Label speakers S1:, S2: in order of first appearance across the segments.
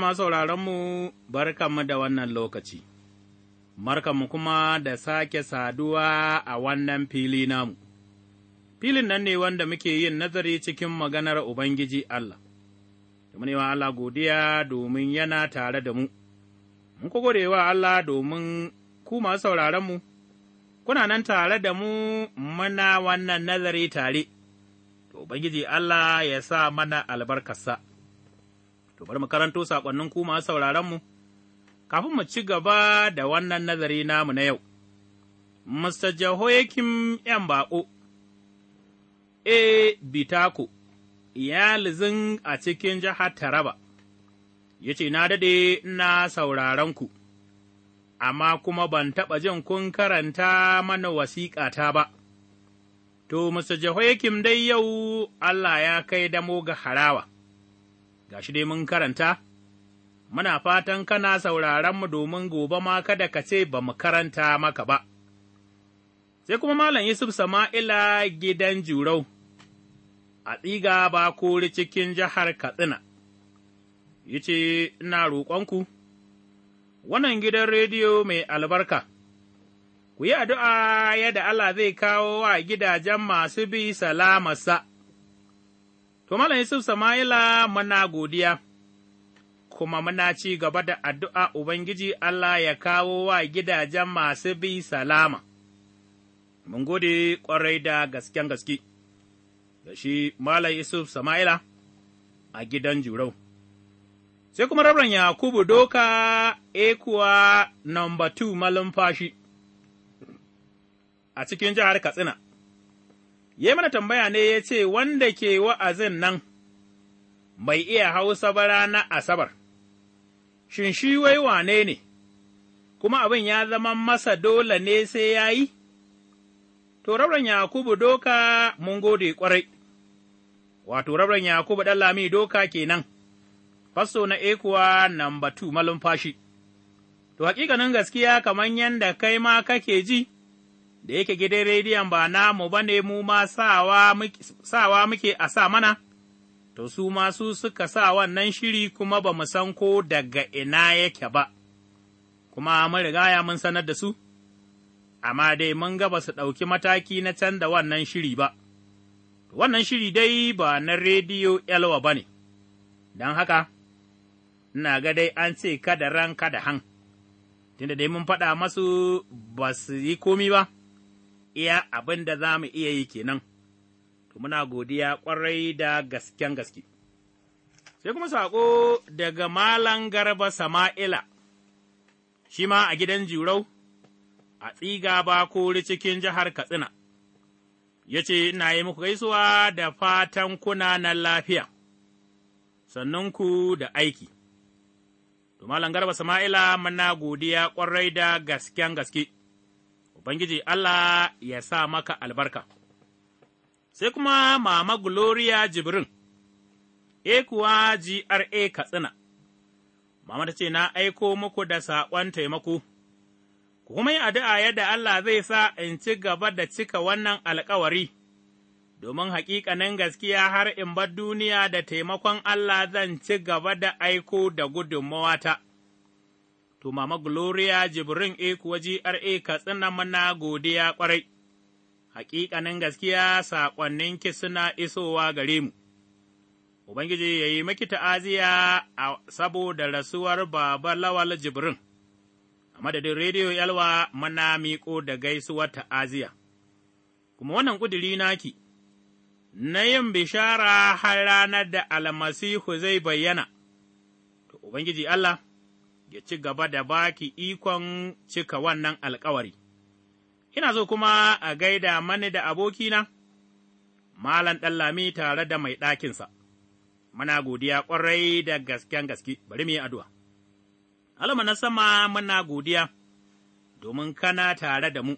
S1: ma masu bar barkanmu da wannan lokaci, mu kuma da sake saduwa a wannan fili namu, filin nan ne wanda muke yin nazari cikin maganar Ubangiji Allah, da wa Allah godiya domin yana tare da mu, mun ku wa Allah domin ku masu sauraronmu, kuna nan tare da mu muna wannan nazari tare, to Ubangiji Allah ya sa mana albarkarsa. To bari mu karanto saƙonnin ku masu mu kafin mu ci gaba da wannan nazari namu na yau. Mr. Jehoiakim ’yan baƙo, E. Bitako, iyalizin a cikin jihar Taraba, ya ce, Na daɗe na sauraron ku, amma kuma ban taɓa jin kun karanta mana wasiƙata ba. To, Mr. Jehoiakim dai yau Allah ya kai damo ga harawa. ga shi dai mun karanta, muna fatan kana mu domin gobe ma kada ka ce ba mu karanta maka ba. Sai kuma Malam Yusuf Sama'ila gidan Jurau, a tsiga ba kori cikin jihar Katsina, ya ce, Ina roƙonku, wannan gidan rediyo mai albarka. ku yi addu'a yadda Allah zai kawo wa gidajen masu bi salamarsa, To, Malam Yusuf Sama'ila muna godiya, kuma muna ci gaba da addu'a Ubangiji Allah ya kawo wa gidajen masu bi salama. Mun gode ƙwarai da gasken gaske, da shi Malam Yusuf Sama'ila a gidan Jurau. Sai kuma Rabran Yakubu Doka Ekuwa Nomba 2 Malumfashi a cikin jihar Katsina. ya mana tambaya ne ya ce, Wanda ke wa'azin nan mai iya hausa ba na Asabar, shin shi wai wane ne, kuma abin ya zama masa dole ne sai ya yi? To, rabin Yakubu doka mun gode ƙwarai, wato, rabin Yakubu ɗan lami doka kenan, faso na ekuwa namba tu malumfashi. To, hakikanin gaskiya kamar yadda kai ma kake ji. da yake gidan rediyon ba namu ba ne mu ma sawa muke a sa mana, to su masu suka sa wannan shiri kuma ba mu san ko daga ina yake ba, kuma mun rigaya mun sanar da su, amma dai mun ga ba su ɗauki mataki na can da wannan shiri ba. Wannan shiri dai ba na rediyo yalwa ba ne, don haka, ina ga dai an ce kada ran kada han, tunda dai mun faɗa masu ba su yi komi ba. iya abin da za mu iya yi kenan, to muna godiya ƙwarai da gasken gaske. Sai kuma saƙo daga Malam Garba Sama'ila, shi ma a gidan Jurau, a tsiga ba kori cikin jihar Katsina, ya ce, Ina yi muku gaisuwa da fatan kuna na lafiya, sannan ku da aiki. To, Malam Garba Sama'ila, muna godiya ƙwarai da gasken gaske. Ubangiji Allah ya sa maka albarka. Sai kuma Mama Gloria Jibrin, e kuwa GRA Katsina, Mama ta ce, Na aiko muku da saƙon taimako, ku kuma yi addu'a yadda Allah zai sa in ci gaba da cika wannan alkawari, domin haƙiƙanin gaskiya har in bar duniya da taimakon Allah zan ci gaba da aiko da gudunmawata. to Mama Gloria Jibrin e kuwa GRA Katsina mana godiya ƙwarai, hakikanin gaskiya saƙonninki suna isowa gare mu. Ubangiji ya yi maki ta'aziya a saboda rasuwar Baba Lawal Jibrin, a madadin Rediyo Yalwa mana miƙo da gaisuwar ta'aziya, kuma wannan ƙudiri naki, na yin bishara har ranar da almasihu zai bayyana, to Ubangiji Allah. ya ci gaba da baki ikon cika wannan alkawari. Ina so kuma a gaida mani da abokina, Malam Ɗallami tare da mai ɗakinsa, muna godiya ƙwarai da gasken gaske, bari mu yi addu'a. Alamu na sama muna godiya, domin kana tare da mu.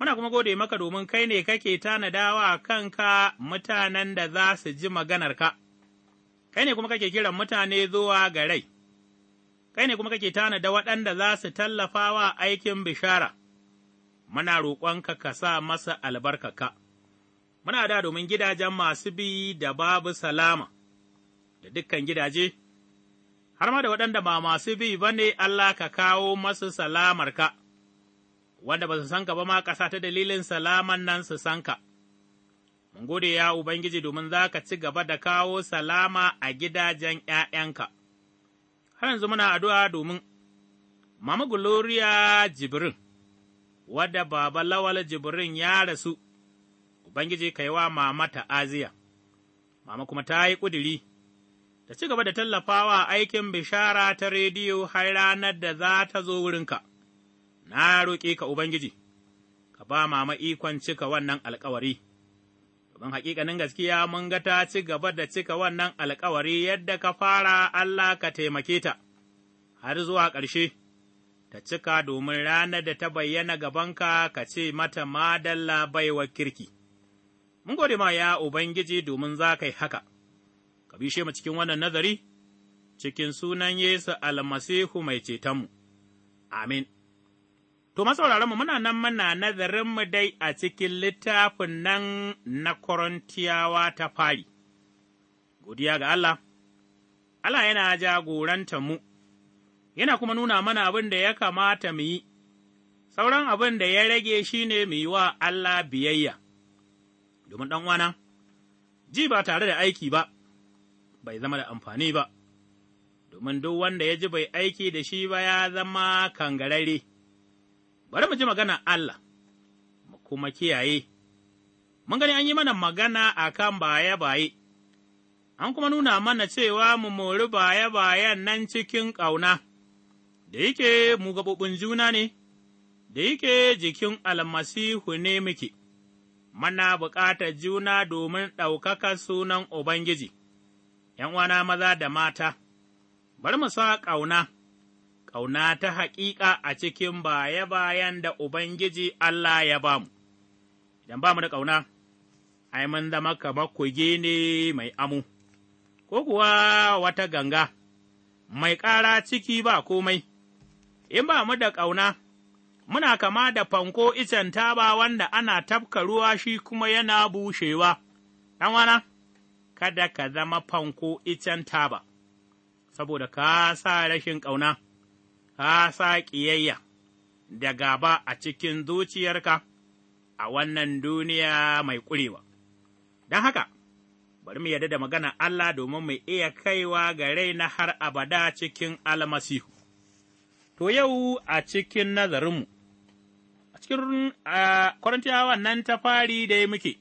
S1: Muna kuma gode maka domin kai ne kake tanadawa kanka mutanen da za su ji maganarka, kai ne kuma kake kiran mutane zuwa ga rai, kai ne kuma kake tanada waɗanda za su tallafa wa aikin bishara, muna roƙonka ka sa masa albarkaka, muna da domin gidajen masu bi da babu salama, da dukkan gidaje, har ma da waɗanda ba masu bi ba ne Allah ka kawo masu salamarka, wanda ba su san ka ba ma ƙasa ta dalilin salaman nan su san ka. Mun gode ya Ubangiji domin za ka ci gaba da kawo salama a gidajen ’ya'yanka. har yanzu muna addu'a domin Mama Gloria Jibrin, wadda Baba Lawal Jibrin ya rasu, Ubangiji ka yi wa mama ta'aziya, mama kuma ta yi ƙudiri, ta ci gaba da tallafawa aikin bishara ta rediyo har ranar da za ta zo wurinka, na roƙi ka Ubangiji, ka ba mama ikon cika wannan alkawari. don hakikanin gaskiya mun ga ta ci gaba da cika wannan alkawari yadda ka fara Allah ka taimake ta, har zuwa ƙarshe, ta cika domin ranar da ta bayyana gabanka ka ce mata madalla baiwa kirki. Mun gode ma ya Ubangiji domin za ka yi haka, ka bishe mu cikin wannan nazari, cikin sunan Yesu almasihu mai cetonmu. Amin. To, masauraranmu muna nan muna nazarinmu dai a cikin littafin nan na Korintiyawa ta fari, godiya ga Allah, Allah yana jagoranta mu, yana kuma nuna mana abin da ya kamata mu yi, sauran abin da ya rage shi ne mu yi wa Allah biyayya, domin ɗan'wana, ji ba tare da aiki ba, bai zama da amfani ba, domin duk wanda ya ji bai aiki da shi ba ya zama kangararre. bari mu ji magana Allah, mu kuma kiyaye, mun gani an yi mana magana a kan baye-baye, an kuma nuna mana cewa mu mori baye-bayen nan cikin ƙauna, da yake mu gaɓuɓin juna ne, da yake jikin almasihu ne muke, mana bukatar juna domin ɗaukaka sunan Ubangiji, ’yan uwana maza da mata, bari mu sa ƙauna. ƙauna ta haƙiƙa a cikin baya-bayan da Ubangiji Allah ya ba mu, idan ba mu da ƙauna, ai, mun zama kamar kuge ne mai amu, ko kuwa wata ganga, mai ƙara ciki ba komai, in ba mu da ƙauna, muna kama da fanko icen taba wanda ana tafka ruwa shi kuma yana bushewa, ɗanwana, kada ka zama fanko icen taba, saboda ka sa rashin ƙauna. ka sa ƙiyayya da gaba a cikin zuciyarka a wannan duniya mai ƙurewa. Don haka, bari mu yarda da magana Allah domin mu iya kaiwa ga na har abada cikin almasihu. To yau a cikin nazarinmu, a cikin kwarantiyawa nan ta fari da ya muke,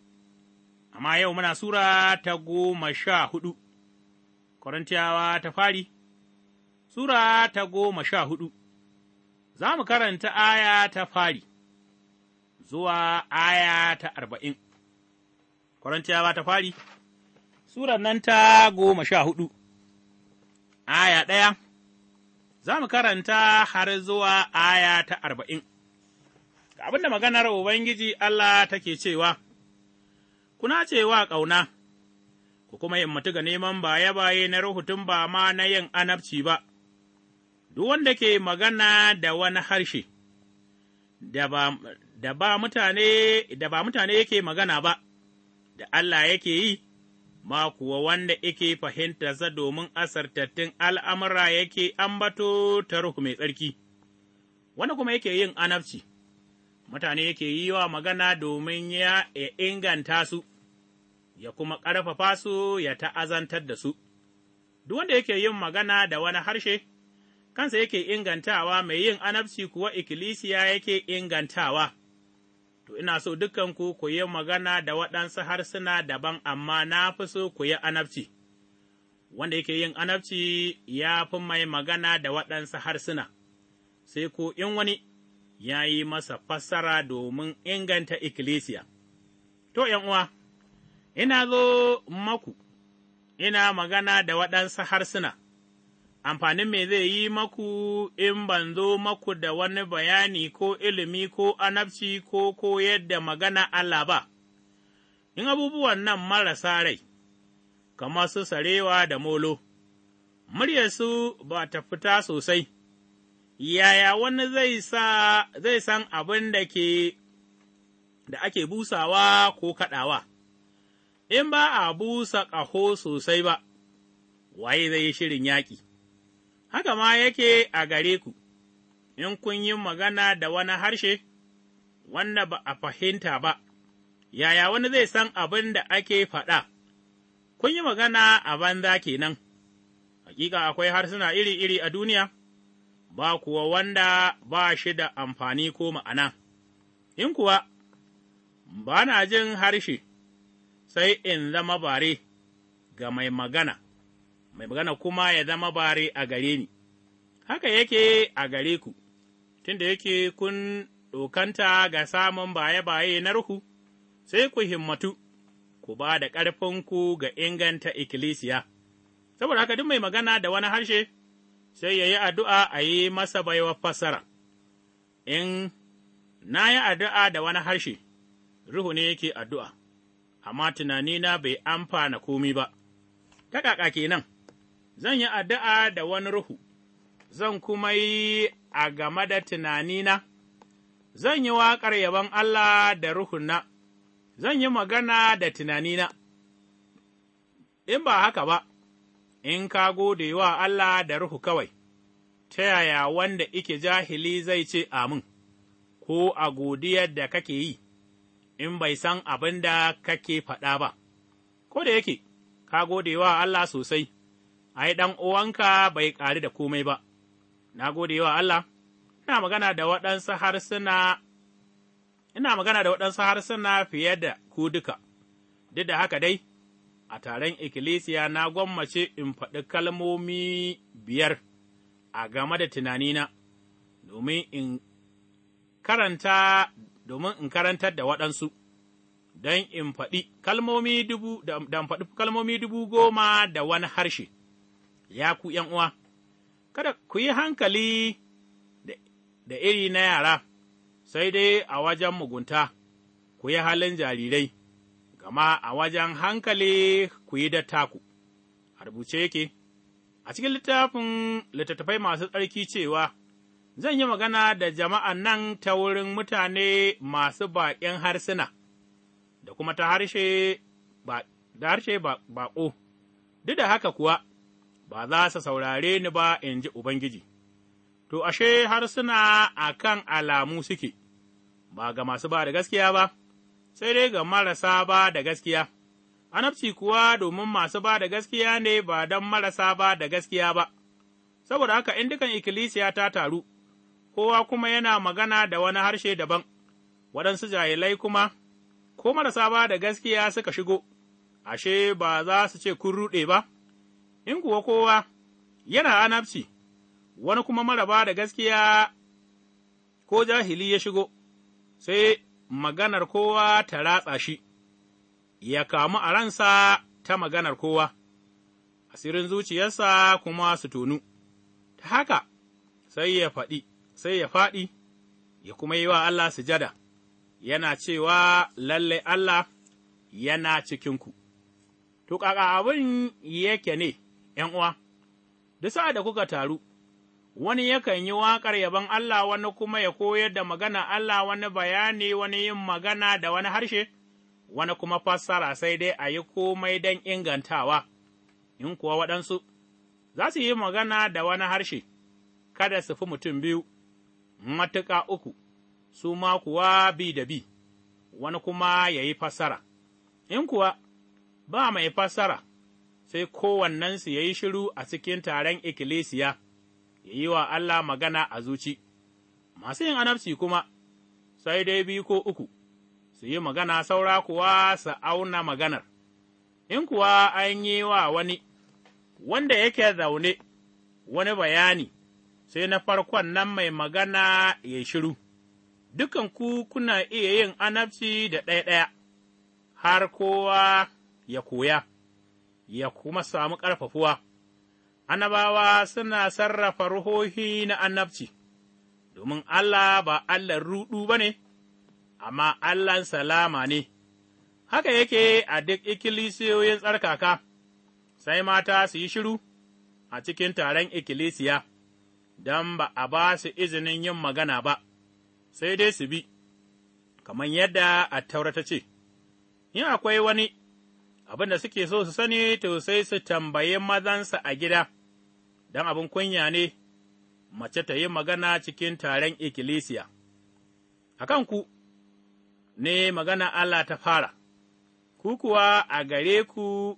S1: amma yau muna Sura ta goma sha hudu, Korintiyawa ta fari, Sura ta goma sha hudu Za mu karanta aya ta fari zuwa aya ta arba'in, Korintiyawa ta fari, Sura nan ta goma sha hudu, aya ɗaya, za mu karanta har zuwa aya ta arba'in. Ka abin da maganar Ubangiji Allah take cewa, Kuna cewa ƙauna, ku kuma yammatu ga neman baye-baye na ruhutun ba ma na yin anabci ba. duk wanda ke magana da wani harshe, da ba mutane yake magana ba, da Allah yake yi, ma kuwa wanda yake fahimta za domin asartattun al'amura yake ambato ta mai tsarki, wanda kuma yake yin anabci, mutane yake yi wa magana domin ya inganta su, ya kuma ƙarfafa su ya ta'azantar da su, duk wanda yake yin magana da wani harshe. kansa yake ingantawa, mai yin anabci kuwa ikkilisiya yake ingantawa. To, ina so dukanku ku yi magana da waɗansu harsuna daban, amma na fi so ku yi anabci. Wanda yake yin anabci ya fi mai magana da waɗansu harsuna, sai ko in wani ya yi masa fassara domin inganta ikkilisiya. To, uwa, ina zo maku, ina magana da waɗansu harsuna. amfanin me zai yi maku in ban zo maku da wani bayani ko ilimi ko anabci ko ko yadda magana Allah ba, in abubuwan nan marasa rai, kamar su sarewa da molo, muryarsu ba ta fita sosai, yaya wani zai sa zai san abin da ke da ake busawa ko kaɗawa, in ba a busa ƙaho sosai ba, waye zai yi shirin yaƙi. haka ma yake a gare ku, in kun yi magana da wani harshe, wanda ba a fahimta ba, yaya wani zai san abin da ake faɗa, kun yi magana a banza kenan, hakika akwai harsuna iri-iri a duniya, ba kuwa wanda ba shi da amfani ko ma'ana, in kuwa ba na jin harshe, sai in zama bare ga mai magana, mai magana kuma ya zama bare a gare ni, haka yake a gare ku, tunda yake kun ɗokanta ga samun baye-baye na ruhu, sai ku himmatu, ku ba da ƙarfinku ga inganta ikkilisiya, saboda haka duk mai magana da wani harshe, sai ya yi addu'a a yi masa baiwa fassara, in na yi addu'a da wani harshe, ruhu ne yake addu'a, amma tunanina bai amfana komi ba, ta ƙaƙa kenan, zan yi addu'a da wani ruhu, zan kuma yi a game da tunanina, zan yi waƙar yabon Allah da ruhuna, zan yi magana da tunanina, in ba haka ba, in ka gode wa Allah da ruhu kawai, ta yaya wanda ike jahili zai ce amin, ko a godiyar da kake yi, in bai san abin da kake faɗa ba, ko da yake, ka gode wa Allah sosai. ai, ɗan uwanka bai ƙari da komai ba, na gode wa Allah, ina magana da waɗansu harsuna, ina magana da waɗansu harsuna fiye da ku duka, duk da haka dai, a taron ikkilisiya na gwammace in faɗi kalmomi biyar a game da tunanina, domin in karanta domin in karantar da waɗansu, don in faɗi kalmomi dubu goma da wani harshe. ya ku uwa, kada ku yi hankali da iri na yara, sai dai a wajen mugunta, ku yi halin jarirai, gama a wajen hankali ku yi dattaku, a rubuce yake, a cikin littafin littattafai masu tsarki cewa, Zan yi magana da jama'an nan ta wurin mutane masu baƙin harsuna, da kuma ta harshe baƙo, duk da haka kuwa, ba za su saurare ni ba in ji Ubangiji, to ashe harsuna a kan alamu suke, ba ga masu ba da gaskiya ba, sai dai ga marasa ba da gaskiya, anabci kuwa domin masu ba da gaskiya ne ba don marasa ba da gaskiya ba, saboda haka in dukan ikkilisiya ta taru, kowa kuma yana magana da wani harshe daban, waɗansu jahilai kuma, ko marasa ba da gaskiya suka shigo, ashe ba za su ce kun ruɗe ba. in kuwa kowa yana anabci, wani kuma maraba da gaskiya ko jahili ya shigo, sai maganar kowa ta ratsa shi, ya kamu a ransa ta maganar kowa, asirin zuciyarsa kuma su tonu, ta haka sai ya faɗi, sai ya faɗi, ya kuma yi wa Allah sujada, yana cewa lallai Allah yana cikinku. To, ƙaƙa abin yake ne, ’yan uwa, duk sa'ad da kuka taru, wani yakan yi waƙar yabon Allah, wani kuma ya koyar da magana Allah, wani bayani, wani yin magana da wani harshe, wani kuma fassara sai dai a yi komai don ingantawa, in kuwa waɗansu za su yi magana da wani harshe, kada su fi mutum biyu, Matuka uku, su ma kuwa bi da bi, wani kuma ya yi fassara, in kuwa ba mai fassara. sai kowannensu ya yi shiru a cikin taron ikkilisiya, ya yi wa Allah magana a zuci, masu yin anabci kuma, sai dai biyu ko uku, su yi magana saura kuwa su auna maganar, in kuwa an yi wa wani, wanda yake zaune, wani bayani, sai na farkon nan mai magana ya shiru, dukan ku kuna iya yin anabci da ɗaya-ɗaya, har kowa ya koya. ya kuma samu ƙarfafuwa, annabawa suna sarrafa ruhohi na annabci, domin Allah ba Allah ruɗu ba ne, amma Allah salama ne, haka yake a duk ikkilisiyoyin tsarkaka, sai mata su yi shiru a cikin taron ikkilisiya, don ba a ba su izinin yin magana ba, sai dai su bi, kamar yadda a taurata ta ce, in akwai wani abin da suke so su sani to sai su tambayi mazansa a gida, don abin kunya ne mace ta yi magana cikin taron ikkilisiya. A ku ne magana Allah ta fara, ku kuwa a gare ku,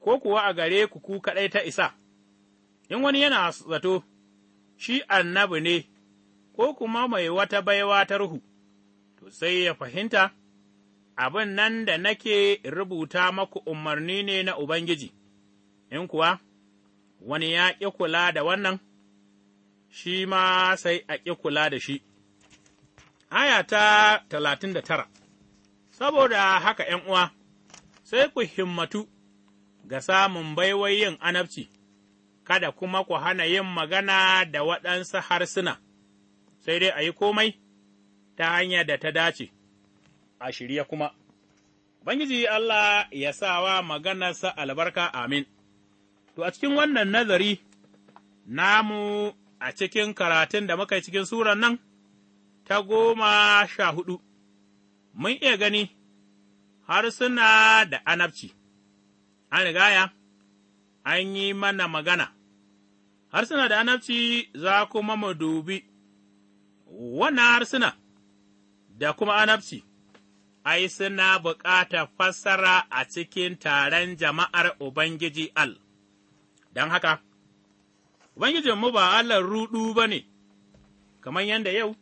S1: ko kuwa a gare ku ku kaɗai ta isa, in wani yana zato, shi annabi ne, ko kuma mai wata baiwa ta ruhu, to sai ya fahimta. abin nan da nake rubuta maku umarni ne na Ubangiji, in kuwa wani ya ƙi kula da wannan, shi ma sai a ƙi kula da shi. Aya ta talatin da tara Saboda haka ’yan uwa, sai ku himmatu ga samun baiwai yin anabci, kada kuma ku hana yin magana da waɗansu harsuna, sai dai a yi komai ta hanyar da ta dace. a shirye kuma. Bangiji Allah ya sa wa maganarsa albarka amin. To, a cikin wannan nazari namu a cikin karatun da muka yi cikin suran nan ta goma sha hudu, mun iya gani harsuna da anabci, an rigaya, an yi mana magana, harsuna da anabci za kuma mu dubi wannan harsuna da kuma anabci. ai, suna buƙatar fassara a cikin taron jama'ar Ubangiji Al, don haka, Ubangijinmu ba Allah ruɗu ba ne, kamar yadda yau,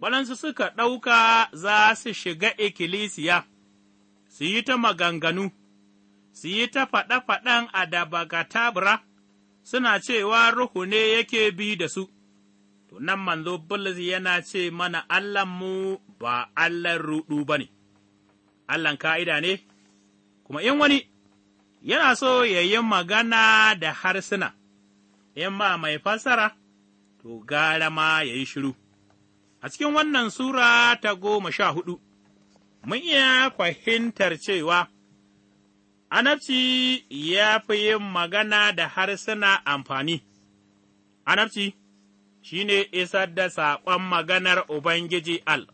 S1: balansu suka ɗauka za su shiga ikkilisiya, su yi ta maganganu, su yi ta faɗa-faɗan a dabagatabra, suna cewa Ruhu ne yake bi da su. to nan manzo Bulus yana ce mana mu ba Allahn ruɗu ba ne, Allahn ka'ida ne, kuma in wani yana so ya yi magana da harsuna, in ba mai fassara, to gara ma ya yi shiru. A cikin wannan Sura ta goma sha hudu, mun iya fahimtar cewa Anabci ya fi yin magana da harsuna amfani, Anabci shi ne isar da saƙon maganar Ubangiji Al,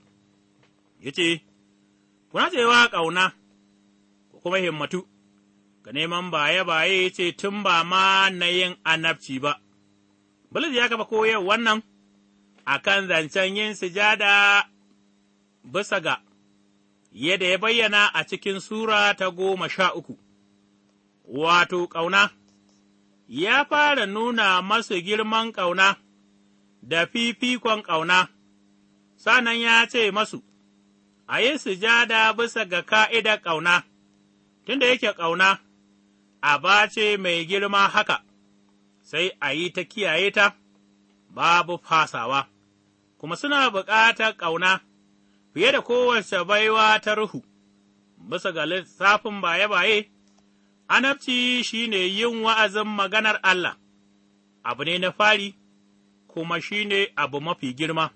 S1: ya ce, Kuna cewa ƙauna, ku kuma himmatu, ga neman baye-baye ce tun ba ma na yin anabci ba, Bulus ya gaba koyar wannan a kan zancen yin sujada bisa ga yadda ya bayyana a cikin Sura ta goma sha uku, wato ƙauna, ya fara nuna masu girman ƙauna. da fifikon ƙauna, sanan ya ce masu, A yi sujada bisa ga ka'idar ƙauna, tunda yake ƙauna, aba ce mai girma haka, sai a yi ta kiyaye ta, babu fasawa, kuma suna buƙatar ƙauna fiye da kowace baiwa ta ruhu, bisa ga lissafin baye-baye, anabci shi ne yin wa'azin maganar Allah, abu ne na fari. kuma shi ne abu mafi girma.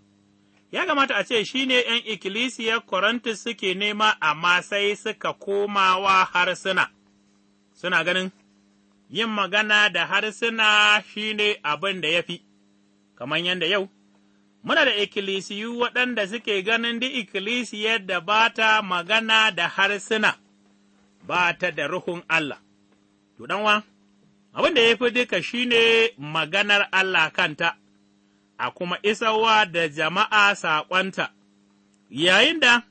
S1: Ya kamata a ce shi ne ’yan ikkilisiyar Korintus suke nema, amma sai suka komawa harsuna, suna ganin yin magana da harsuna shi ne abin da ya fi, kamar yadda yau. Muna da ikkilisiyu waɗanda suke ganin duk ikkilisiyar da ba ta magana da harsuna, ba ta da ruhun Allah. To, abin da ya fi duka shi ne maganar Allah kanta, a kuma isarwa da jama'a saƙonta, yayin da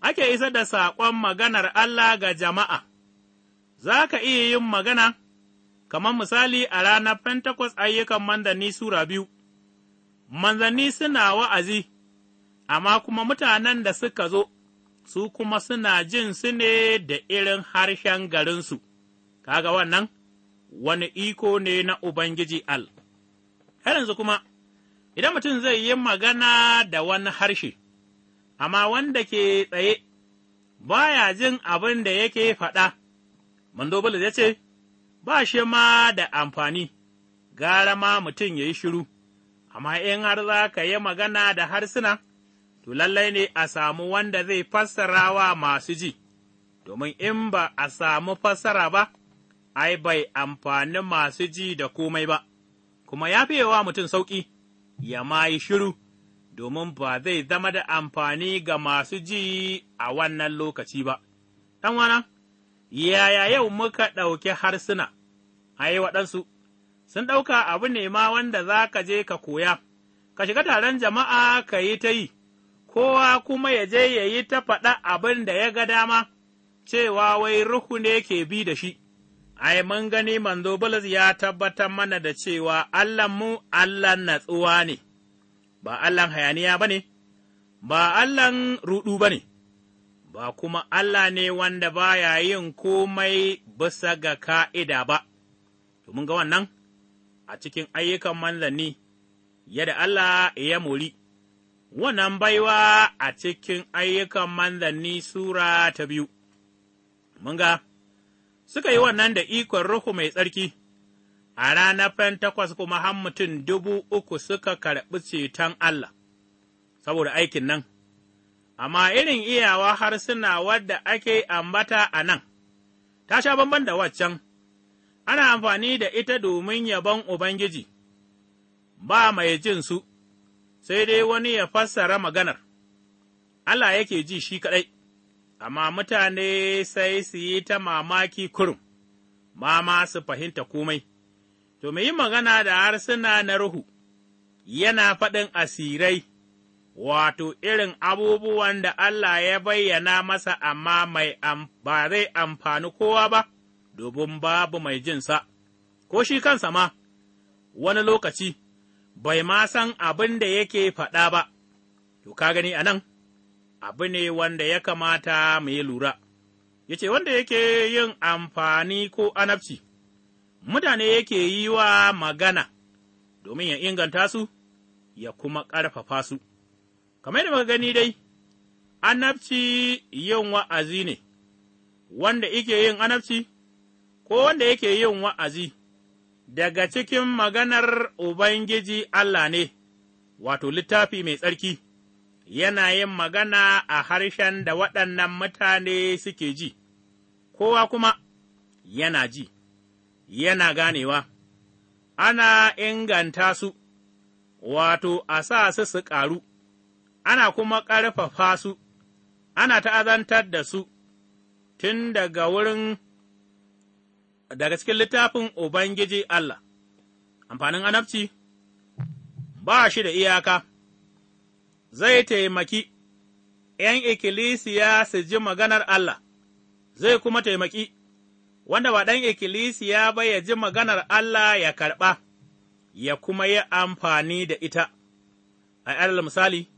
S1: ake isar da saƙon maganar Allah ga jama'a, za ka iya yin magana, kamar misali a ranar Pentecost ayyukan manzanni Sura biyu, manzanni suna wa'azi, amma kuma mutanen da suka zo, su kuma suna jin su ne da irin harshen garinsu, kaga wannan wani iko ne na Ubangiji Al. Har kuma. idan mutum zai yi magana da wani harshe, amma wanda ke tsaye baya jin abin da yake faɗa, Bulus ya ce, Ba shi ma da amfani, gara ma mutum ya yi shiru, amma in har za ka yi magana da harsuna, to lallai ne a samu wanda zai fassara wa masu ji, domin in ba a samu fassara ba, ai bai amfani masu ji da komai ba, kuma ya fi wa mutum sauƙi. ya ma yi shiru, domin ba zai zama da amfani ga masu ji a wannan lokaci ba. wana yaya yau muka ɗauki harsuna, a yi waɗansu, sun ɗauka abu ne ma wanda za ka je ka koya, ka shiga taron jama'a ka yi ta yi, kowa kuma ya je ya yi ta faɗa abin da ya ga dama, cewa wai ruhu ne ke bi da shi. ai, mun gani manzo Bulus ya tabbatar mana da cewa Allahnmu allah natsuwa ne, ba allah hayaniya ba ne, ba allah ruɗu ba ne, ba kuma Allah ne wanda ba ya yin komai bisa ga ka'ida ba, mun ga wannan a cikin ayyukan manzanni, yadda Allah ya mori, wannan baiwa a cikin ayyukan manzanni Sura ta biyu. Mun ga. suka yi wannan da ikon Ruhu mai tsarki, a ranar Fentakwas kuma har mutum dubu uku suka karɓi ceton Allah, saboda aikin nan, amma irin iyawa harsuna wadda ake ambata a nan, ta sha bamban da waccan, ana amfani da ita domin yabon Ubangiji, ba mai jin su, sai dai wani ya fassara maganar, Allah yake ji shi kaɗai. amma mutane sai su yi ta mamaki kurum, ma ma su fahimta komai. To, mu yi magana da harsuna na ruhu, yana faɗin asirai, wato irin abubuwan da Allah ya bayyana masa amma mai ba zai amfani kowa ba, domin babu mai jinsa, ko shi kansa ma, wani lokaci, bai ma san abin da yake faɗa ba, to, ka gani a nan? abu ne wanda ya kamata mu yi lura, ya ce wanda yake yin amfani ko anabci, mutane yake yi wa magana domin ya inganta su, ya kuma ƙarfafa su, kamar yadda muka gani dai, anabci yin wa'azi ne, wanda yake yin anabci ko wanda yake yin wa'azi. daga cikin maganar Ubangiji Allah ne, wato littafi mai tsarki, yana yin magana a harshen da waɗannan mutane suke ji, kowa kuma yana ji, yana ganewa, ana inganta su, wato, a sa su su ƙaru, ana kuma ƙarfafa su, ana ta'azantar da su, tun daga wurin daga cikin littafin Ubangiji Allah, amfanin anabci ba shi da iyaka. zai taimaki ’yan ikkilisiya su ji maganar Allah, zai kuma taimaki wanda ba ɗan ikkilisiya ba ya ji maganar Allah ya karɓa, ya kuma yi amfani da ita. A alal misali,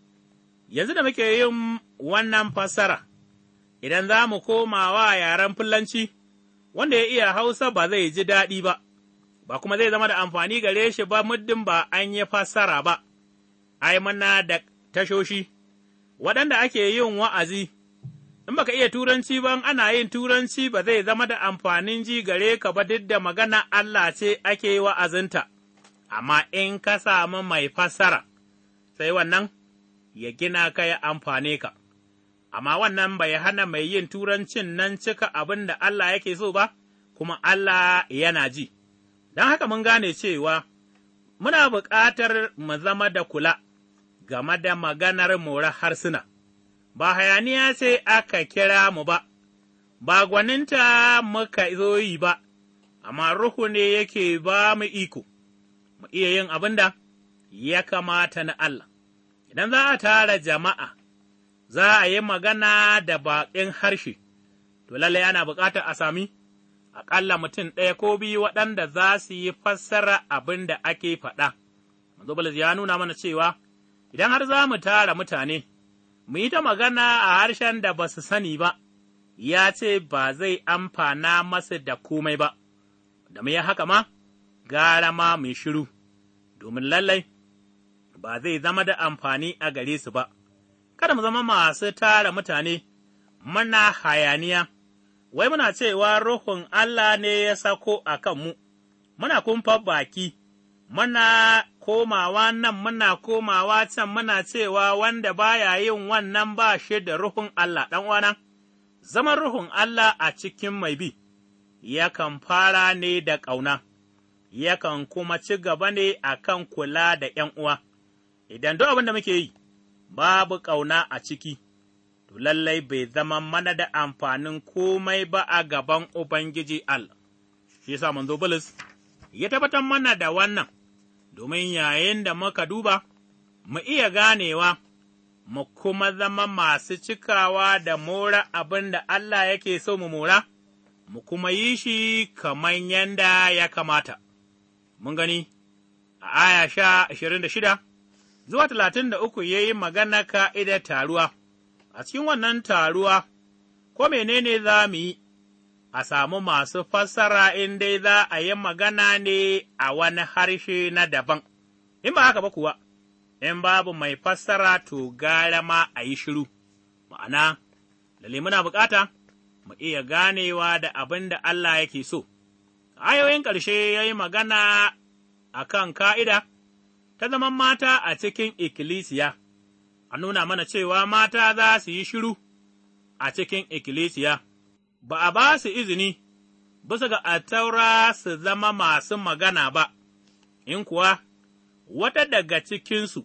S1: yanzu da muke yin wannan fassara, idan za mu koma wa yaren Fulanci, wanda ya iya Hausa ba zai ji daɗi ba, ba kuma zai zama da amfani gare shi ba muddin ba an yi fassara ba, ai, muna da tashoshi, waɗanda ake yin wa'azi, in baka iya turanci ba ana yin turanci ba zai zama da amfanin ji gare ka ba duk da magana Allah ce ake wa'azinta, amma in ka samu mai fassara, sai wannan ya gina ka ya amfane ka, amma wannan bai hana mai yin turancin nan cika abin da Allah yake so ba, kuma Allah yana ji. Don haka mun gane cewa muna buƙatar mu zama da kula. game da maganar morar harsuna, ba hayaniya sai aka kira mu ba, ba gwaninta muka zo yi ba, amma Ruhu ne yake ba mu iko, mu iya yin abin da ya kamata na Allah. Idan za a tara jama'a, za a yi magana da baƙin harshe, to lallai ana buƙatar a sami aƙalla mutum ɗaya ko biyu waɗanda za su yi fassara abin da ake faɗa. Manzo ya nuna mana cewa idan har za mu tara mutane, mu yi ta magana a harshen da ba su sani ba, ya ce ba zai amfana masu da komai ba, da mu yi haka ma, gara ma mu shiru, domin lallai ba zai zama da amfani a gare su ba, kada mu zama masu tara mutane, muna hayaniya, wai muna cewa Ruhun Allah ne ya sako a kanmu, muna kumfa baki. muna komawa nan muna komawa can muna cewa wanda baya yin wannan ba shi da ruhun Allah ɗan'wana, zaman ruhun Allah a cikin mai bi, yakan fara ne da ƙauna, yakan kuma ci gaba ne a kan kula da ’yan uwa, idan duk abin da muke yi, babu ƙauna a ciki. To lallai bai zama mana da amfanin komai ba a gaban Ubangiji Allah, shi manzo ya tabbatar mana da wannan, domin yayin da muka duba, mu iya ganewa, mu kuma zama masu cikawa da mora abin da Allah yake so mu mora, mu kuma yi shi kamar yanda ya kamata. Mun gani, a aya sha ashirin da shida, zuwa talatin da uku ya yi magana ka'idar taruwa, a cikin wannan taruwa, ko menene za mu yi, a samu masu fassara in dai za a yi magana ne a wani harshe na daban, in ba haka ba kuwa, in babu mai fassara to gara ma a yi shiru, ma'ana, lalle muna bukata mu iya ganewa da abin da Allah yake so. Ayoyin ƙarshe ya yi magana a kan ka'ida ta zaman mata a cikin ikkilisiya, a nuna mana cewa mata za su yi shiru a cikin ikkilisiya. ba a ba su izini bisa ga ataura su zama masu magana ba, in kuwa wata daga cikinsu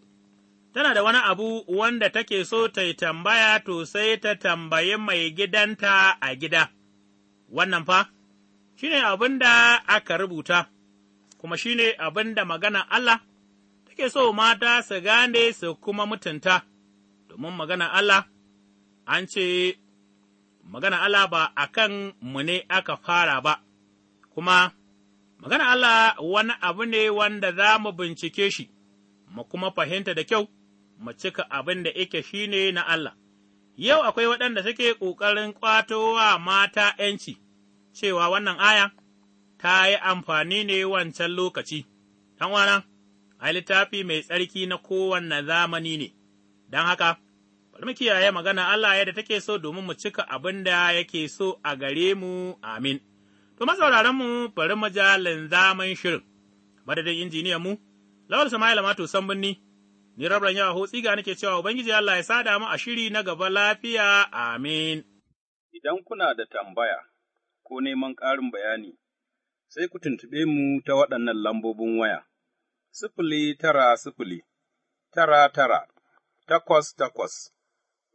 S1: tana da wani abu wanda take so ta tambaya to sai ta tambayi mai gidanta a gida, wannan fa shi ne abin da aka rubuta, kuma shi ne abin da magana Allah take so mata su gane su kuma mutunta, domin magana Allah an ce magana Allah ba a kan mu ne aka fara ba, kuma magana Allah wani abu ne wanda za mu bincike shi, mu kuma fahimta da kyau, mu cika abin da yake shi ne na Allah. Yau akwai waɗanda suke ƙoƙarin ƙwatowa mata ’yanci, cewa wannan aya ta yi amfani ne wancan lokaci, ɗan wana, a littafi mai tsarki na kowanne zamani ne, don haka. mu kiyaye magana Allah yadda take so domin mu cika abin da yake so a gare mu, amin. To, masauraran mu bari mu ja linzamin shirin, madadin injiniyan mu, Lawal Sama'ila Mato binni ni rabran yawa hotsi ga nake cewa Ubangiji Allah ya sada mu a shiri na gaba lafiya, amin. Idan kuna da tambaya ko neman ƙarin bayani, sai ku tuntuɓe mu ta waɗannan lambobin waya, sifili tara sifili, tara tara, takwas takwas.